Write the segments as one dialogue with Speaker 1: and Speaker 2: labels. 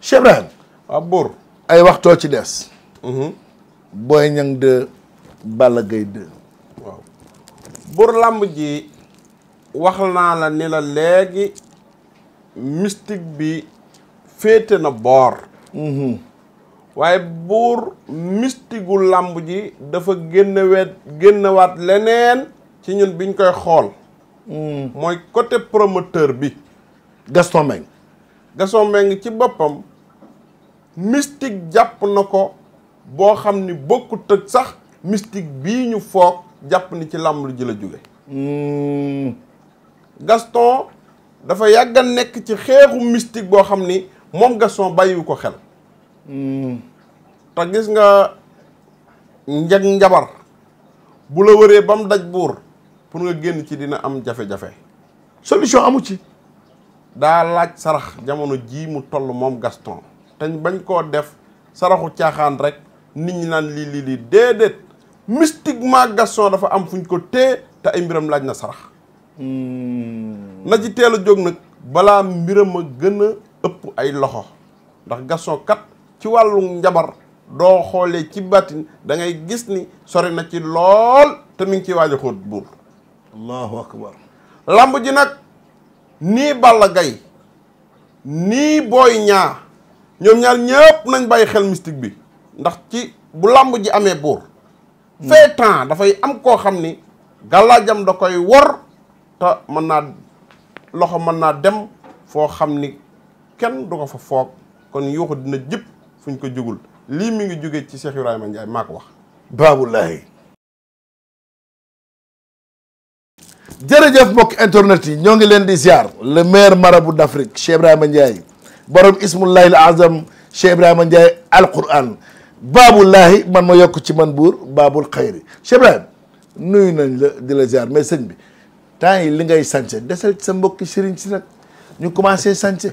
Speaker 1: Cheikh Ibrahim buur ay waxtoo ci des mhm. Boy Niang 2 Balla Gaye 2
Speaker 2: waaw buur làmb ji wax naa la ni la léegi mystique bi féete na boor mhm. waaye buur mystique làmb ji dafa génne weet génnewaat leneen ci ñun biñ koy xool mhm. mooy côté promoteur bi Gaston Mbengue Gaston Mbengue ci boppam mystique jàpp na ko boo xam ni bokkut ak sax mystique bii ñu foog jàpp ni ci làmb lu ji la jóge hmm. Gaston dafa yàgg a nekk ci xeexu mystique boo xam ni moom Gaston bàyyiwu ko xel hmm. te gis nga njag njabar bu la wëree ba mu daj buur pour nga génn ci dina am jafe-jafe solution amu ci daa laaj sarax jamono jii mu toll moom Gaston te bañ koo def saraxu caaxaan rek nit ñi naan lii lii lii déedéet mystiquement Gaston dafa am fuñ ko tee te ay mbiram laaj na sarax hmm. na ci teel a jóg nag balaa mbiram a gën a ëpp ay loxo ndax Gaston kat ci wàllu njabar doo xoolee ci bàttin dangay gis ni sori na ci lool te mi ngi ciy waaj xóot buur allahu ji nag nii Balla gay nii booy Niang ñoom ñaar ñëpp nañ bàyyi xel mystique bi ndax ci bu làmb ji amee buur fee temps dafay am koo xam ni gàllaajam da koy wor te mën naa loxo mën naa dem foo xam ni kenn du ko fa foog kon yuuxu dina jëpp fuñ ko jugul lii mu ngi jóge ci Cheikh Ibrahima Ndiaye maa ko wax
Speaker 1: baabulaahi jërëjëf mbokk internet yi ñoo ngi leen di ziar le maire marabout d'Afrique Cheikh Ibrahima Ndiaye borom ismullahi al azam Cheikh Ibrahima Ndiaye alquran baabullahi man ma yokk ci man buur baabul xayri Cheikh Ibrahima nuyu nañ la di la ziar bi temps yi li ngay sànce desal ci sa mbokki sëriñ si nag ñu commencé sànce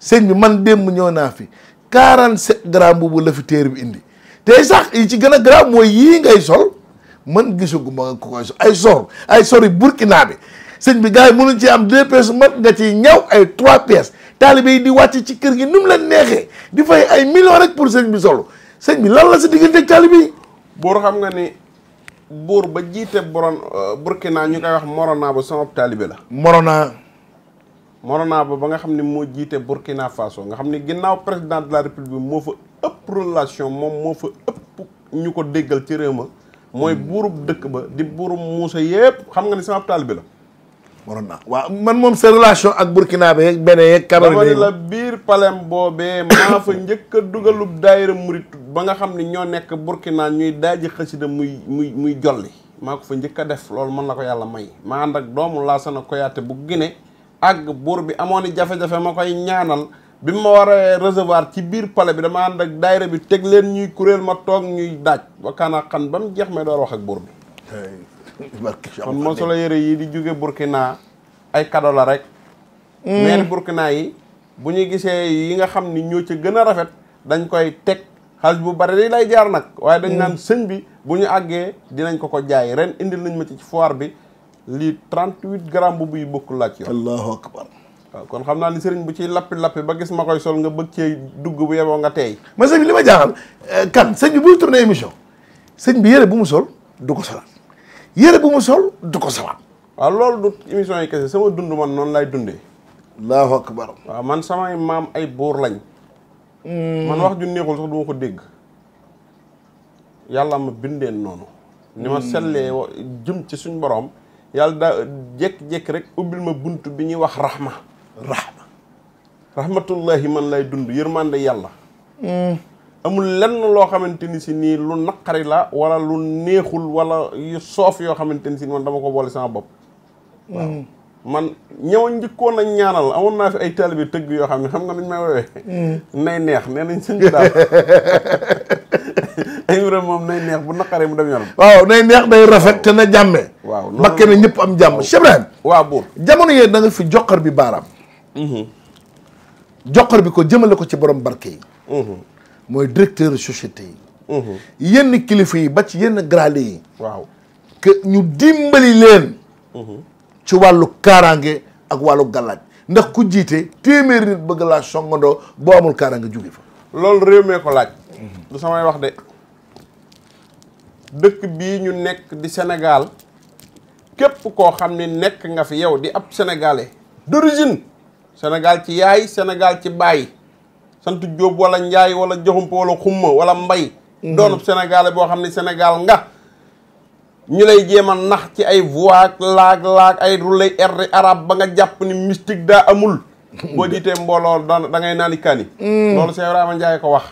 Speaker 1: sëñ bi man démb ñëw naa fi 47 grammes boobu la fi téer bi indi te sax yi ci gën a gramme mooy yii ngay sol man gisaguma ko koy ay sor ay sori burkina bi sëñ bi gars yi mënuñ ci am deux pièces mat nga ci ñaw ay trois pièces taalibe yi di wàcc ci kër gi nu mu leen neexee di fay ay millions rek pour sëñ bi solo sëñ bi lan la sa diggante ak taalibe yi
Speaker 2: buur xam nga ni buur ba jiite boron euh, burkina ñu koy wax morona ba sama taalibe la morona morona ba ba nga xam ne moo jiite burkina façon nga xam ne ginnaaw président de la république moo fa ëpp moom moo fa ëpp ñu ko déggal ci réew ma mooy hmm. buurub dëkk ba di buurub Moussa yëpp xam nga ni sama taalibe la.
Speaker 1: waroon naa waaw man moom sa relation ak Burkina beeg Bénin yeeg Cameroun la
Speaker 2: biir palem boobee maa njëkk a dugalub daayira ba nga xam ni ñoo nekk Burkina ñuy daaji xasida muy muy muy jolli maa ko fa njëkk a def loolu mën na ko yàlla may maa ànd ak doomu Laasana Koyaate bu Guinée ak buur bi amoon i jafe-jafe ma koy ñaanal bi ma waree a ci biir palais bi dama ànd ak daayira bi teg leen ñuy kuréel ma toog ñuy daaj wakkaana xan ba mu jeex may door wax ak buur bi kon moo solo yére yi di jóge Burkina ay kado rek mm. mais Burkina yi bu ñu gisee yi nga xam ni ñoo ca gën a rafet dañ koy teg xaalis bu bari li lay jaar nag waaye dañ mm. naan sëñ bi bu ñu àggee dinañ ko ko jaay ren indil nañ ma ci foire bi lii trente-huit gram bu buy bokkul laaj yoon waaw kon xam naa ni sëriñ bu ci lappi lappi ba gis ma koy sol nga bëgg cee dugg bu yeboo nga teey ma sëñ bi li ma jaaxal euh, kan sëñ bi buy tourné émission sëñ bi yére bu mu sol du ko solaat yére bu mu sol du ko solaat waaw loolu du émission yi kese sama dund man noonu lay dundee allahu akbar waaw man samay maam ay buur lañ hmm. man wax ju neexul sax du ma ko dégg yàlla ma bindee noonu ni ma hmm. sellee jëm ci suñ boroom yàlla daa jékki-jékki rek ubbil ma bunt bi ñuy wax raxma rahma rahmatullahi man lay dund yërmande yàlla amul lenn loo xamante ni si nii lu naqari la wala lu neexul wala yu soof yoo xamante ni si man dama ko boole sama bopp waaw mm. man njëkkoon nañ ñaanal amoon naa fi ay taalibe tëgg yoo xam ne xam nga nuñ may woowee mm. nay neex nee nañ sëñ moom nay neex bu naqaree mu dem
Speaker 1: yoonam neex day rafet na jàmmee waaw bakke na ñëpp am jàmm Cheikh waa waaw buur jamono yee da fi joxar bi baaraam joxor bi ko jëmale ko ci borom barke yi mhm. mooy directeur société yi mhm. yenn kilifa yi ba ci yenn grade yi waaw que ñu dimbali leen mhm. ci wàllu kaaraange ak wàllu gallaaj ndax ku jiite téeméeri nit bëgg laa songandoo boo amul kaaraange jóge fa
Speaker 2: loolu réew mee ko laaj du samay wax de dëkk bii ñu nekk di Sénégal képp koo xam ne nekk nga fi yow di ab sénégalais d'origine senegal ci yaay senegal ci baay sant Jóob wala Njaay wala Joxump wala Xumma wala Mbay mhm. doonub Sénégal boo xam ne Sénégal nga ñu lay jéem a nax ci ay voix laag laag ay rulay erri arab ba nga jàpp ni mystique daa amul boo jiitee mbooloo da ngay naani kaani mhm. loolu Cheikh Ibrahima Ndiaye ko wax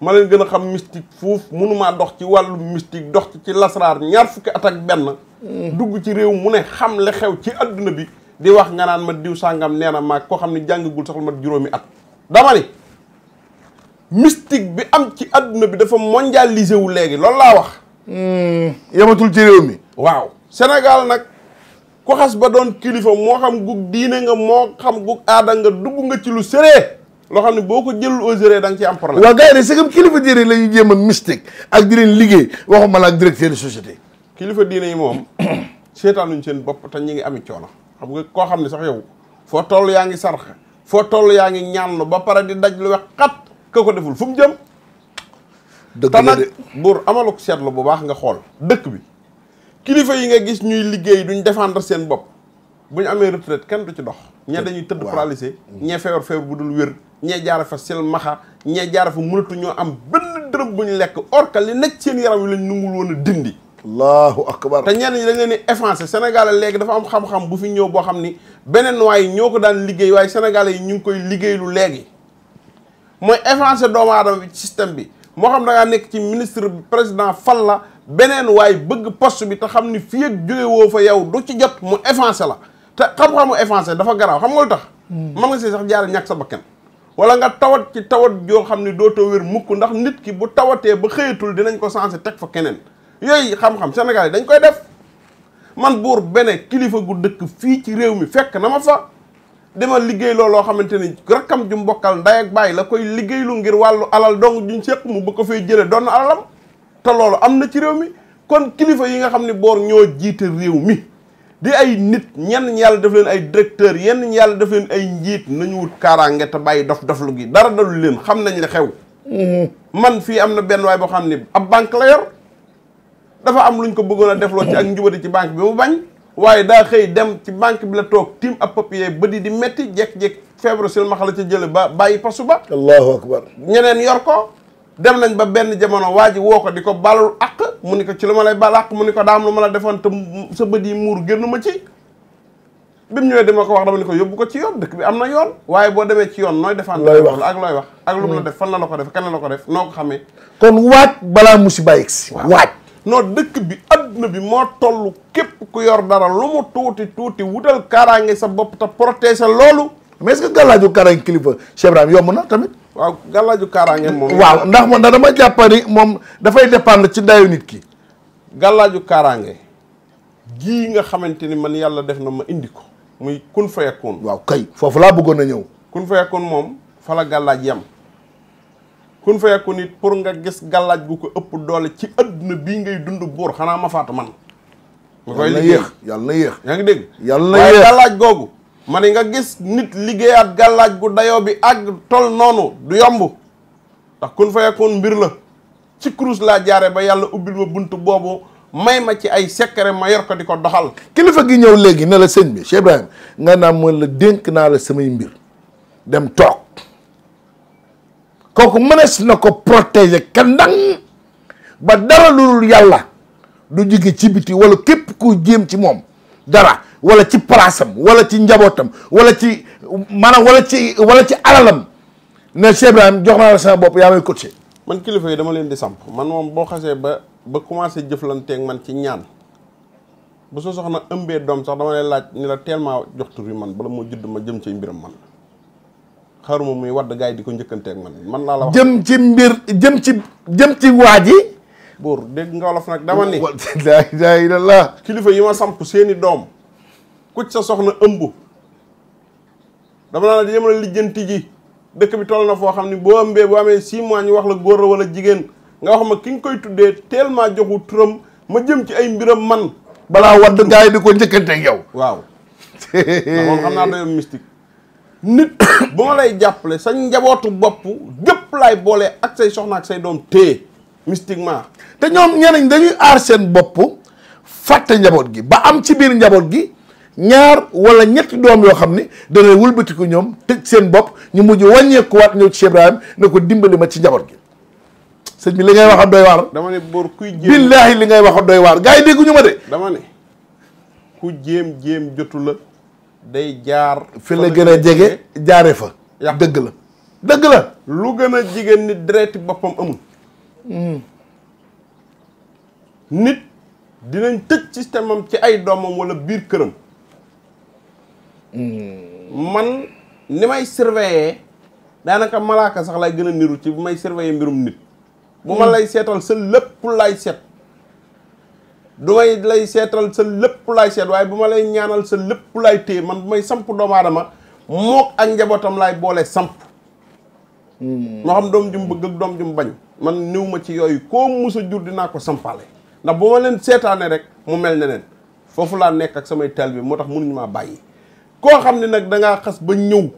Speaker 2: ma leen gën a xam mystique fuuf mënumaa dox ci wàllu mistik dox ci lasraar ñaar fukki at ak benn mhm. dugg ci réew mu ne xam le xew ci adduna bi di wax nga naan ma diw sàngam nee na maag koo xam ne jàngagul sax lu mat juróomi at dama ni mystique bi am ci àdduna bi dafa mondialisé wu léegi loolu laa wax hmm, yamatul ci réew mi waaw Sénégal nag ku xas ba doon kilifa moo xam gug diine nga moo xam gug aada nga dugg nga ci lu sëree loo xam
Speaker 1: ne boo ko jëlul au sérieux da ci am problème waaw gars yi de c'est kilifa diine la ñuy jéem a mystique liggéey waxuma la ak directeur de société
Speaker 2: kilifa diine yi moom seetaanuñ seen bopp te ñu ngi ami coono xam nga koo xam ne sax yow foo toll yaa ngi sarx foo toll yaa ngi ñaanlu ba pare di daj lu wex xat ka ko deful fu mu jëm te nag buur amalu ko seetlu bu baax nga xool dëkk bi kilifa yi nga gis ñuy liggéey duñ défendre seen bopp bu ñu amee retraite kenn du ci dox ñee dañuy tëdd paralysé mm. ñee feebar feebar bu dul wér ñee jaara fa silmaxa ñee jaare fa munatu ñoo am benn dërëm bu ñu lekk or que li nekk seen yaram yi lañ nungul woon a dindi allahu akbar te ñenn ñi dañ leen di effacé sénégalais léegi dafa am xam-xam bu fi ñëw boo xam ni beneen waay ñoo ko daan liggéey waaye sénégalais yi ñu ngi koy lu léegi mooy effacé doomu aadama bi système bi moo xam da ngaa nekk ci ministre bi président fan la beneen waay bëgg post bi te xam ni fii ak jóge woo fa yow du ci jot mu effacé la te xam-xamu effacé dafa garaaw xam nga lu tax man hmm. nga si sax jaar ñàkk sa bakkan wala nga tawat ci tawat yoo xam ni dootoo wér mukk ndax nit ki bu tawatee ba xëyatul dinañ ko sensé teg fa keneen yooyu xam-xam Sénégal yi dañ koy def man buur bene kilifa gu dëkk fii ci réew mi fekk na ma fa dama liggéey looloo xamante ni rakkam ju mbokkal nday bàyyi la koy liggéeylu ngir wàllu alal dong juñ seq mu ba ko fay jële doon alalam te loolu am na ci réew mi kon kilifa yi nga xam ne boor ñoo jiite réew mi di ay nit ñenn ñi yàlla def leen ay directeur yenn ñi yàlla def leen ay njiit nañu wut kaaraange te bàyyi dof doflu gi dara dalul leen xam nañ li xew mm-hmm. man fii am na benn waay boo xam ne ab banque yor dafa am luñ ko bëggoon a defloo ci ak njubati ci banque bi mu bañ waaye daa xëy dem ci banque bi la toog tim ab papier ba di di metti jekk-jekk feebaru sil maxala ca jële ba bàyyi pasu ba allahu akbar ñeneen yor ko dem nañ ba benn jamono waa ji woo ko di ko balul àq mu ni ko ci lu ma lay bal àq mu ni ko daam lu ma la defoon te sa bët yi muur génnu ma ci bi mu ñëwee dama ko wax dama ni ko yóbbu ko ci yoon dëkk bi am na yoon waaye boo demee ci yoon nooy defaan looy wax ak looy wax ak lu mu hmm. fan la la ko def kan la ko def noo ko xamee kon waaj balaa mu si bàyyi si waaj noo dëkk bi adduna bi moo toll képp ku yor dara lu mu tuuti tuuti
Speaker 1: wutal kaaraange sa bopp te protéger loolu. mais est-ce que gàllaaju kaaraange kilifa Cheikh yomb na tamit. waaw gàllaaju kaaraange moom. waaw ndax man da dama jàpp moom dafay dépendre ci dayu
Speaker 2: nit ki. gàllaaju kaaraange gii nga xamante ni man yàlla def na ma indi ko muy kun fa yakun. waaw kay foofu laa bëggoon a ñëw. kun fa moom fa la gàllaaj yam kun fa yakku nit pour nga gis gàllaaj gu ko ëpp doole ci àdduna bii ngay dund buur xanaa ma faatu man
Speaker 1: nga koy liggéey na yéex yaa ngi dégg yàlla na yéex gàllaaj
Speaker 2: googu ma ne nga gis nit liggéeyaat gàllaaj gu dayoo bi àgg tol noonu du yomb ndax kun fa yakkoon mbir la ci kurus laa jaare ba yàlla ubbil ma bunt boobu may ma ci ay secret ma yor ko di ko doxal
Speaker 1: kilifa gi ñëw léegi ne la sëñ bi Cheikh nga naa mën la dénk naa la samay mbir dem toog kooku si na ko protéger kandang ba dara lu yàlla du jóge ci biti wala képp ku jéem ci moom dara wala ci palaasam wala ci njabootam wala ci maanaam wala ci wala ci alalam ne Cheikh Ibrahim jox naa la sama bopp yaa may coaché
Speaker 2: man kilifa yi dama leen di samp man moom boo xasee ba ba commencé jëflanteeg man ci ñaan bu soo soxna ëmbee doom sax dama lay laaj ni la tellement jox tur bi man bala moo judd ma jëm ci mbiram man xaruma muy wadd gaay di ko njëkkanteeg man man
Speaker 1: laa la wax. jëm ci mbir jëm ci jëm ci waa ji.
Speaker 2: buur dégg nga wolof nag dama ni. la ilaha illallah. kilifa yi ma samp seeni doom ku sa soxna ëmb. dama naa la jéem a lijjanti ji dëkk bi toll na foo xam ni boo ëmbee boo amee 6 mois ñu wax la góor la wala jigéen nga wax ma ki nga koy tuddee tellement joxu turam ma jëm ci ay mbiram man. balaa wadd gaay di ko njëkkanteeg yow. waaw. moom xam naa doyam mystique. nit bu ma lay jàppale sa njabootu bopp gépp laay boole ak say soxna ak say doom téye mystiquement te ñoom
Speaker 1: ñeneen dañuy aar seen bopp fàtte njaboot gi ba am ci biir njaboot gi ñaar wala ñetti doom yoo xam ni danay wëlbatiku ñoom tëj seen bopp ñu mujj wàññeekuwaat ñëw ci Cheikh Ibrahim ne ko dimbali ma ci njaboot gi sëñ bi li ngay waxoon doy waar.
Speaker 2: dama ne kuy jéem
Speaker 1: billaahi li ngay waxoon doy waar gars yi dégguñu ma de. dama ne ku jéem jéem jotu
Speaker 2: la. day jaar.
Speaker 1: fi la gën a jege jaare fa. yaa dëgg la
Speaker 2: dëgg la. lu gën a jigéen nit dereeti boppam amul. Hmm. nit dinañ tëj système am ci ay doomam walla biir këram. Hmm. man ni may surveiller daanaka malaaka sax lay gën a niru ci bu may surveiller mbirum nit. bu ma hmm. lay seetal sa lépp lay seet. du may lay seetal sa lépp laay seet waaye bu ma lay ñaanal sa lépp laay téye man bu may samp doomu aadama mook ak njabootam laay boole samp hmm. moo xam doom jum bëgg ak doom jum bañ man niw ma ci yooyu koo mus a jur dinaa ko sampale ndax bu ma leen seetaane rek mu mel neneen foofu laa nekk ak samay teel bi moo tax mënuñu maa bàyyi koo xam ne nag dangaa xas ba ñëw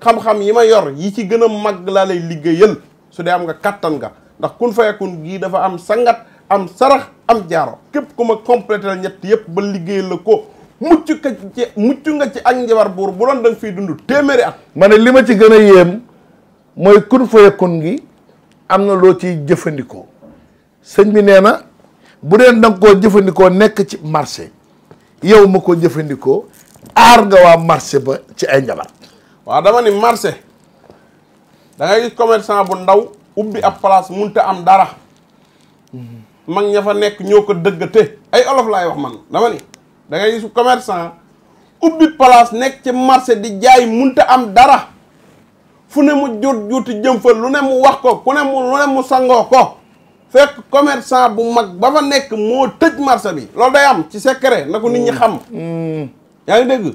Speaker 2: xam-xam yi ma yor yi ci gën a mag laa lay liggéeyal su dee am nga kattan nga ndax kun fayakun gii dafa am sangat am sarax am jaaro képp ku ma complété ñett yëpp ba liggéey la ko mucc ka ci
Speaker 1: mucc nga ci ak njabar buur bu doon da nga fiy dund téeméeri at ma ne li ma ci gën a yéem mooy kun fayakun gi am na loo ciy jëfandikoo sëñ bi nee na bu dee da koo jëfandikoo nekk ci marché yow ma ko jëfandikoo aar nga waa marché ba ci ay njabar waaw dama ni marché da
Speaker 2: ngay gis commerçant bu ndaw ubbi ab place munta am dara mhm. mag ña fa nekk ñoo ko dëggate ay olof laay wax man dama ni da ngay su commerçant ubbi place nekk ci marché di jaay munta am dara fu ne mu jot juuti jëm fa lu ne mu wax ko ku ne mu lu ne mu sangoo ko fekk commerçant bu mag ba fa nekk moo tëj marché bi loolu day am ci secret na ko nit ñi mm. xam mm. yaa ngi dégg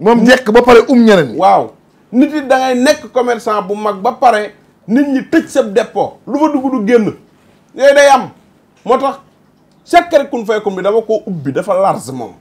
Speaker 2: moom jekk ba pare um ñeneen waaw nit yi da nekk commerçant bu mag ba pare nit ñi tëj sa dépôt lu fa dugg du génn yooyu day am moo tax secret kun fayakun bi dama koo ubbi dafa large moom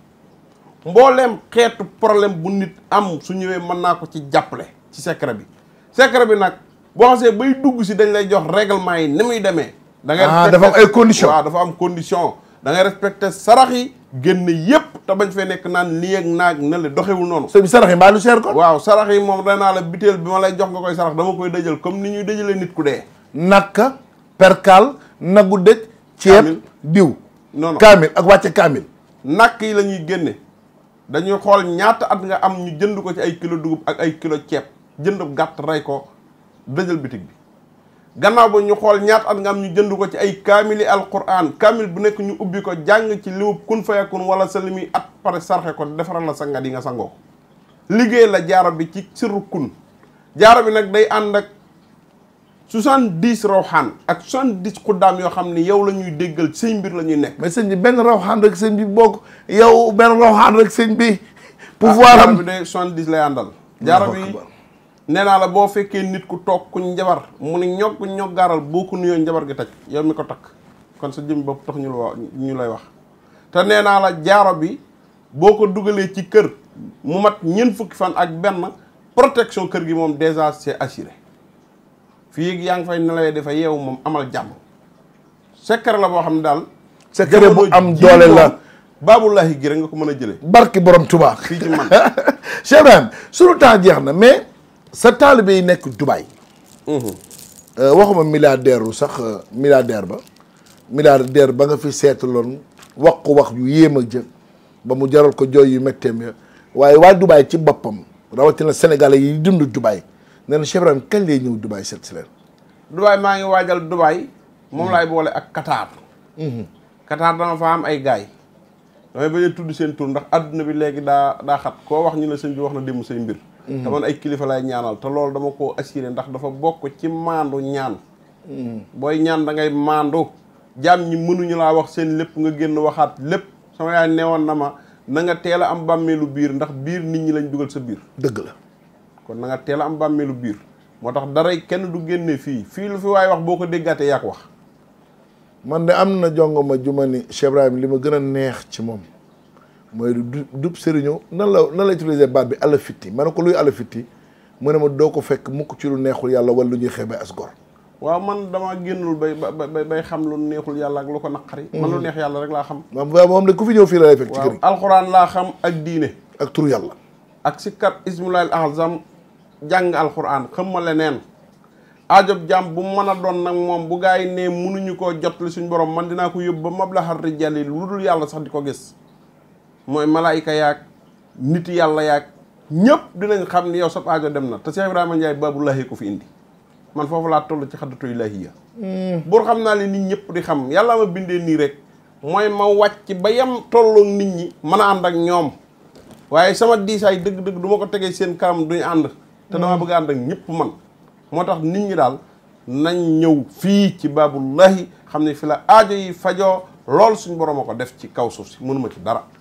Speaker 2: mbooleem xeetu problème bu nit am su ñëwee mën naa ko ci jàppale ci secret bi secret bi nag boo xasee bay dugg si dañ lay jox règlement yi ni muy demee. da ngay ah, respecté dafa am ay conditions dafa am condition da ngay respecté sarax yi génn yépp te bañ fee nekk naan li ak naag na le doxewul noonu. sëñ bi sarax yi mbaa lu seer ko. waaw sarax yi moom danaa la biteel bi ma lay jox nga koy sarax dama koy dëjal comme ni ñuy dëjalee nit ku dee. naka perkal nagu dëj. ceeb diw non non kaamil ak wàcce kaamil nakk yi lañuy génne dañuy xool ñaata at nga am ñu jënd ko ci ay kilo dugub ak ay kilo ceeb jënd gàtt rey ko dëjal bitig bi gannaaw ba ñu xool ñaata at nga am ñu jënd ko ci ay kaamili alquran kaamil bu nekk ñu ubbi ko jàng ci liwub kun fayakun wala sa limi at pare sarxe ko defaral la sangat yi nga sangoo ko liggéey la jaaro bi ci sirru kun jaaro bi nag day ànd ak soixante-dix rawxaan ak soixante-dix xuddaam yoo xam ne yow la ñuy déggal seen mbir la ñuy nekk mais sëñ bi benn rawxaan rek sëñ bi bokk yow benn rawxaan rek sëñ bi pouvoir am bi ah, de soixante-dix lay àndal jaara bi nee naa la boo fekkee nit ku toog ku njabar mu ne ñog ñog gaaral boo ko nuyoo njabar gi taj yow mi ko takk kon sa jëm bopp tax ñu la ñu lay wax te nee naa la jaaro bi boo ko dugalee ci kër mu mat ñeent fukki fan ak benn protection kër gi moom déjà c'est assuré fii yaa ngi fay nelawee dafa yeewu moom amal jàmm sekkar la boo xam ne daal
Speaker 1: sekkar bu am doole la baabulaahi gi rek nga ko mën a jëlee barki borom Tuubaa fii ci man Cheikh jeex na mais sa taalibe yi nekk Dubaay mhm. euh, waxuma milliardaire wu sax euh, milliardaire ba milliardaire ba nga fi seetaloon wax ko wax yu yéem a jë ba mu jaral ko jooy yu métteem ya waaye waa Dubaay ci boppam rawatina sénégalais yi dund Dubaay nee na Cheikh Ibrahim kañ lay ñëw Dubaay seet si leen.
Speaker 2: Dubaay maa ngi waajal Dubaay. moom hmm. laay boole ak Qatar. Hmm. Qatar dama fa am ay gaay damay bañ a tudd seen tur ndax àdduna bi léegi daa xat koo wax ñu ne sëñ bi wax na démb say mbir. te hmm. man ay kilifa laay ñaanal te loolu dama koo assuré ndax dafa bokk ci maandu ñaan. booy ñaan da ngay maandu. jaam ñi mënuñu laa wax seen lépp nga génn waxaat lépp sama yaay neewoon na ma na nga teel a am bàmmeelu biir ndax biir nit ñi lañ dugal sa dëgg la. kon na nga am a am bàmmeelu biir moo tax daray kenn
Speaker 1: du génne fii fii lu fi waaye wax boo ko déggaatee yàq wax man de am na jongo ma juma ni Cheikh Ibrahim li ma gën a neex ci moom mooy du dub sëriñëw nan la nan la utiliser baat bi alafitti ma ne ko luy alafitti mu ne ma doo ko fekk mukk ci lu neexul yàlla wala lu ñuy xeebee as gor
Speaker 2: waaw man damaa génnul bay bay bay xam lu neexul yàlla ak lu ko naqari mm-hmm. man lu neex yàlla rek laa xam
Speaker 1: waaw moom de ku fi ñëw fii la lay fekk ci kër xam ak diine ak turu yàlla
Speaker 2: jàng alxuraan xëmmale neen aajob jàmm bu mën a doon nag moom bu gaa yi ne mënuñu koo jot li suñ borom man dinaa ko yóbbu ba mablaxar rijal yi lu dul yàlla sax di ko gis mooy malaayika yaag nit yàlla yaag ñëpp dinañ xam ni yow sab aajo dem na te Cheikh Ibrahima Ndiaye Baabulaahi ko fi indi man foofu laa toll ci xaddatu ilaahiya hmm. bur xam naa li nit ñëpp di xam yàlla ma bindee nii rek mooy ma wàcc ba yam tolloo nit ñi mën a ànd ak ñoom waaye sama diisaay dëgg-dëgg ko tegee seen kanam duñu ànd te damaa bëgg ànd ak ñëpp man moo tax nit ñi daal nañ ñëw fii ci baabullahi xam ne fi la aajo yi fajoo lool suñ borom a ko def ci kaw suuf si mënuma ci dara